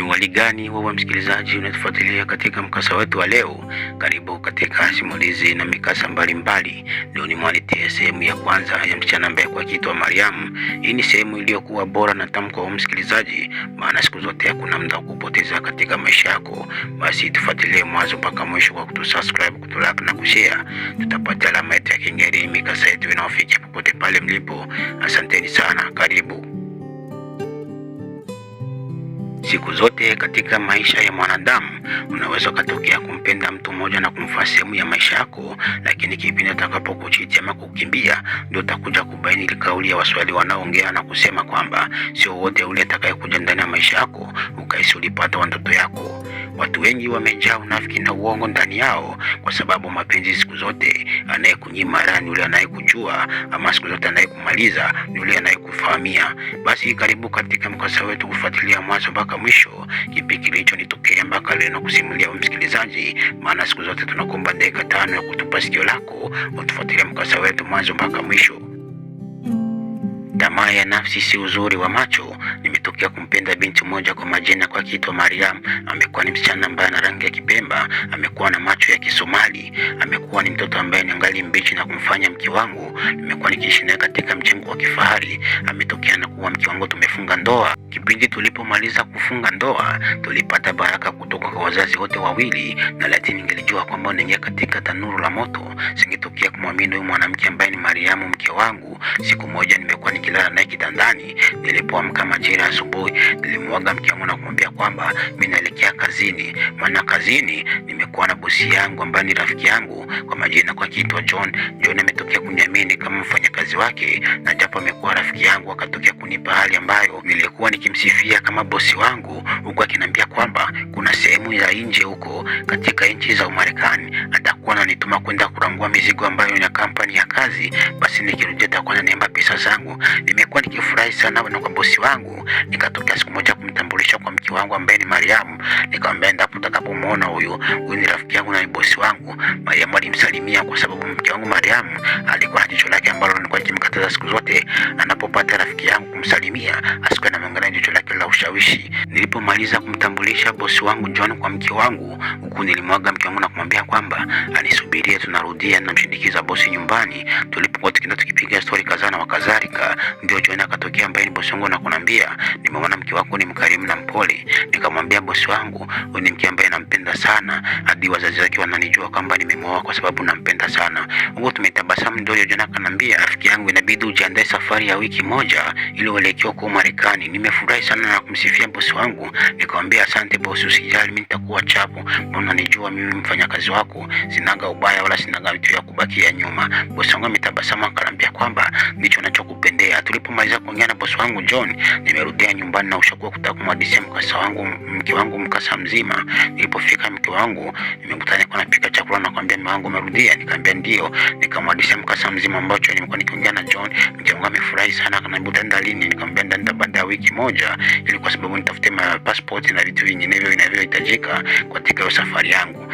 Ni gani wewe msikilizaji unatufuatilia katika mkasa wetu wa leo? Karibu katika simulizi na mikasa mbalimbali. Leo ni mwaletie sehemu ya kwanza ya msichana ambaye kwa wa Mariam. Hii ni sehemu iliyokuwa bora na tamko wa msikilizaji, maana siku zote hakuna muda wa kupoteza katika maisha yako. Basi tufuatilie mwanzo mpaka mwisho kwa kutusubscribe, kutulike na kushare. Tutapata alama ya kengele mikasa yetu inaofikia popote pale mlipo. Asanteni sana, karibu. Siku zote katika maisha ya mwanadamu unaweza ukatokea kumpenda mtu mmoja na kumfaa sehemu ya maisha yako, lakini kipindi atakapokuchiti ama kukimbia, ndio utakuja kubaini ile kauli ya Waswahili wanaoongea na kusema kwamba sio wote ule atakayekuja ndani ya maisha yako ukaisi ulipata wa ndoto yako. Watu wengi wamejaa unafiki na uongo ndani yao, kwa sababu mapenzi siku zote anayekunyima raha ni ule anayekujua, ama siku zote anayekumaliza ni ule anayekufahamia. Basi karibu katika mkasa wetu kufuatilia mwanzo mpaka mwisho kipi kilichonitokea mpaka leo na kusimulia msikilizaji, maana siku zote tunakuomba dakika tano ya kutupa sikio lako, utufuatilia mkasa wetu mwanzo mpaka mwisho. Tamaa ya nafsi si uzuri wa macho. Nimetokea kumpenda binti mmoja kwa majina kwa kitwa Mariam. Amekuwa ni msichana ambaye ana rangi ya Kipemba, amekuwa na macho ya Kisomali, amekuwa ni mtoto ambaye ni ngali mbichi na kumfanya mke wangu. Nimekuwa nikiishi naye katika mjengo wa kifahari. Ametokea na kuwa mke wangu, tumefunga ndoa. Kipindi tulipomaliza kufunga ndoa, tulipata baraka kutoka kwa wazazi wote wawili, na laiti ningelijua kwamba ningeingia katika tanuru la moto, singetokea kumwamini huyu mwanamke ambaye ni Mariamu, mke wangu. Siku moja nimekuwa nikila kulala naye kitandani. Nilipoamka majira asubuhi, nilimwaga mke wangu na kumwambia kwamba mimi naelekea kazini, maana kazini nimekuwa na bosi yangu ambaye ni rafiki yangu kwa majina, kwa kiitwa John. John ametokea kuniamini kama mfanyakazi wake, na japo amekuwa rafiki yangu, akatokea kunipa hali ambayo nilikuwa nikimsifia kama bosi wangu, huku akiniambia kwamba kuna sehemu ya nje huko katika nchi za Umarekani atakuwa ananituma kwenda kurangua mizigo ambayo ni kampani ya kazi, basi nikirudi atakuwa ananiomba pesa zangu. Nimekuwa nikifurahi sana na kwa bosi wangu, nikatokea siku moja kumtambulisha kwa mke wangu ambaye ni Mariamu, nikamwambia ndipo utakapomwona huyu huyu ni rafiki yangu na ni bosi wangu. Mariamu alimsalimia kwa sababu mke wangu Mariamu alikuwa na jicho lake ambalo nilikuwa nikimkataza siku zote, anapopata rafiki yangu kumsalimia asikuwe na mwangalia jicho lake la ushawishi. Nilipomaliza kumtambulisha bosi wangu, njoni kwa mke wangu. Huku nilimwaga mke wangu na kumwambia kwamba anisubirie, tunarudia, namshindikiza bosi nyumbani. Tulipokuwa tukienda tukipiga stori kadhaa na wakadhalika, ndio John akatokea, ambaye ni bosi wangu, na kunambia, nimeona mke wako ni mkarimu na mpole. Nikamwambia bosi wangu, huyu ni mke ambaye nampenda sana, hadi wazazi wake wananijua kwamba nimemwoa kwa sababu nampenda sana. Huko tumetabasamu, ndio John akanambia, rafiki yangu, inabidi ujiandae safari ya wiki moja ili uelekee huko Marekani. Nimefurahi sana na kumsifia bosi wangu, nikamwambia asante bosi usijali, mimi nitakuwa chapo, mbona nijua mimi mfanyakazi wako, sinaga ubaya wala sinaga vitu vya kubakia nyuma. Bosi wangu ametabasamu akaniambia kwamba ndicho nachokupendea. Tulipomaliza kuongea na bosi wangu John, nimerudia nyumbani na ushakuwa kutaka kumwadisia mkasa wangu mke wangu mkasa mzima. Nilipofika mke wangu nimekutana kwa napika chakula na kumwambia mke wangu amerudia, nikamwambia ndio, nikamwadisia mkasa mzima ambacho nilikuwa nikiongea na John. Mke wangu amefurahi sana, akaniambia utaenda lini? Nikamwambia nitaenda wiki moja, ili kwa sababu nitafute passport na vitu vinginevyo vinavyohitajika katika safari yangu.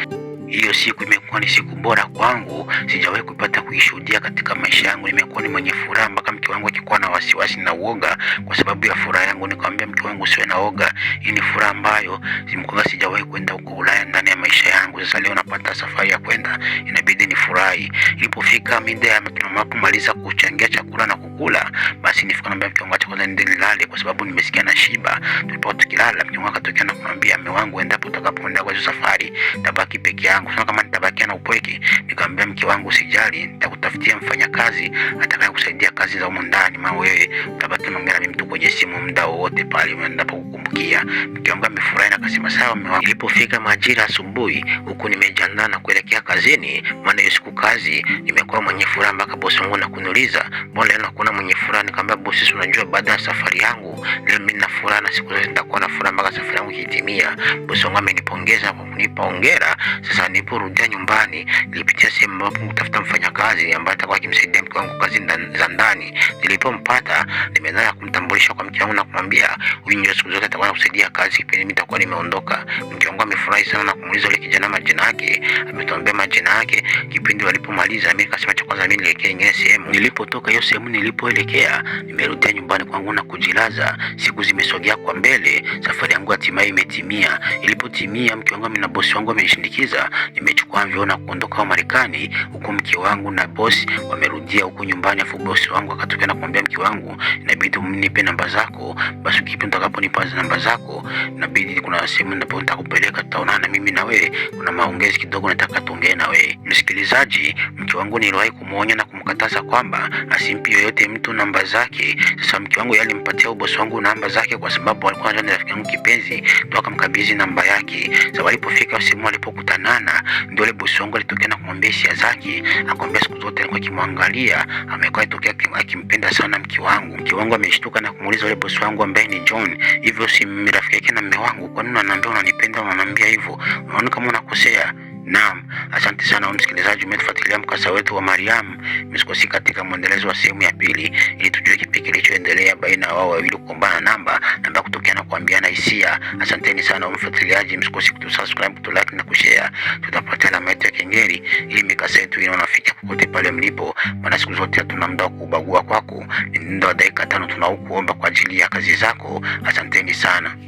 Hiyo siku imekuwa ni siku bora kwangu, sijawahi kupata kuishuhudia katika maisha yangu. Nimekuwa ni mwenye furaha mpaka mke wangu akikuwa na wasiwasi na uoga kwa sababu ya furaha yangu. Nikamwambia mke wangu, usiwe na uoga, hii ni furaha ambayo simkwanga, sijawahi kwenda huko Ulaya ndani ya maisha yangu. Sasa leo napata safari ya kwenda, inabidi nifurahi. Ilipofika mida ya tunapomaliza kuchangia chakula na kukula, basi nifika naambia mke wangu, acha kwanza nende nilale kwa sababu nimesikia na shiba. Tulipokuwa tukilala, mke wangu akatokea na kumwambia, mume wangu, endapo utakapoenda kwa safari tabaki mke wangu. Sema kama nitabakia na upweke, nikamwambia mke wangu, usijali, nitakutafutia mfanyakazi atakaye kusaidia kazi za huko ndani, maana wewe utabaki na mimi mtu kwenye simu muda wote pale unapokumbukia. Mke wangu amefurahi na akasema sawa, mume wangu. Ilipofika majira asubuhi, huku nimejiandaa na kuelekea kazini, maana kazi, nimekuwa mwenye furaha mpaka bosi wangu nakuniuliza, mbona leo nakuona mwenye furaha? Nikamwambia bosi, si unajua baada ya safari yangu leo mimi na furaha na siku zote nitakuwa na furaha mpaka safari yangu ikitimia. Bosi wangu amenipongeza kwa kunipa hongera. Sasa niliporudia nyumbani, nilipitia sehemu ambapo kutafuta mfanyakazi ambaye atakuwa akimsaidia mke wangu kazi za ndani. Nilipompata, nimeanza kumtambulisha kwa mke wangu na kumwambia huyu ndio siku zote atakuwa anakusaidia kazi kipindi mimi nitakuwa nimeondoka. Mke wangu amefurahi sana na kumuuliza yule kijana majina yake, ametuambia majina yake kipindi walipomaliza, mimi nikasema cha kwanza mimi nielekee nyingine sehemu. Nilipotoka hiyo sehemu nilipoelekea, nimerudia nyumbani kwangu na kujilaza. Siku zimesogea kwa mbele safari yangu hatimaye imetimia. Ilipotimia, mke wangu na bosi wangu wamenishindikiza, nimechukua mvio na kuondoka Marekani, huku mke wangu na bosi wamerudia huku nyumbani, afu bosi wangu akatokea na kumwambia mke wangu, inabidi mnipe namba zako. Basi kipi nitakaponipa namba zako, inabidi kuna simu ndipo nitakupeleka, tutaonana mimi na wewe, kuna maongezi kidogo nataka tuongee na wewe. Msikilizaji, mke wangu niliwahi kumuonya na kumkataza kwamba asimpi yoyote mtu namba zake. Sasa mke wangu yalimpatia bosi wangu namba zake kwa sababu alikuwa ni rafiki yangu kipenzi mapenzi, akamkabidhi namba yake. Sasa walipofika sehemu walipokutanana, ndio ile Busongo alitokea na kumwambia hisia zake, akamwambia siku zote alikuwa akimwangalia, amekuwa itokea akimpenda sana mke wangu. Mke wangu ameshtuka na kumuuliza yule bosi wangu ambaye ni John, hivyo si rafiki yake na mume wangu? Kwa nini unaniambia unanipenda, unaniambia hivyo? Unaona kama unakosea? Naam, asante sana msikilizaji, umetufuatilia mkasa wetu wa Mariam. Msikosi katika mwendelezo wa sehemu ya pili, ili tujue kipi kilichoendelea baina ya wao wawili kukumbana namba namba, kutokeana kuambiana hisia. Asanteni sana mfuatiliaji, msikosi kutusubscribe, kutulike na kushare. Tutapata na yetu ya kengeri ili mikasa yetu inafika kokote pale mlipo, maana siku zote hatuna muda wa kubagua kwako. Ni muda wa dakika tano tunaokuomba kwa ajili ya kazi zako. Asanteni sana.